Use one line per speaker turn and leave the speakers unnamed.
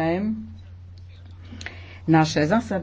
Ďakujem. Naše zasadnutie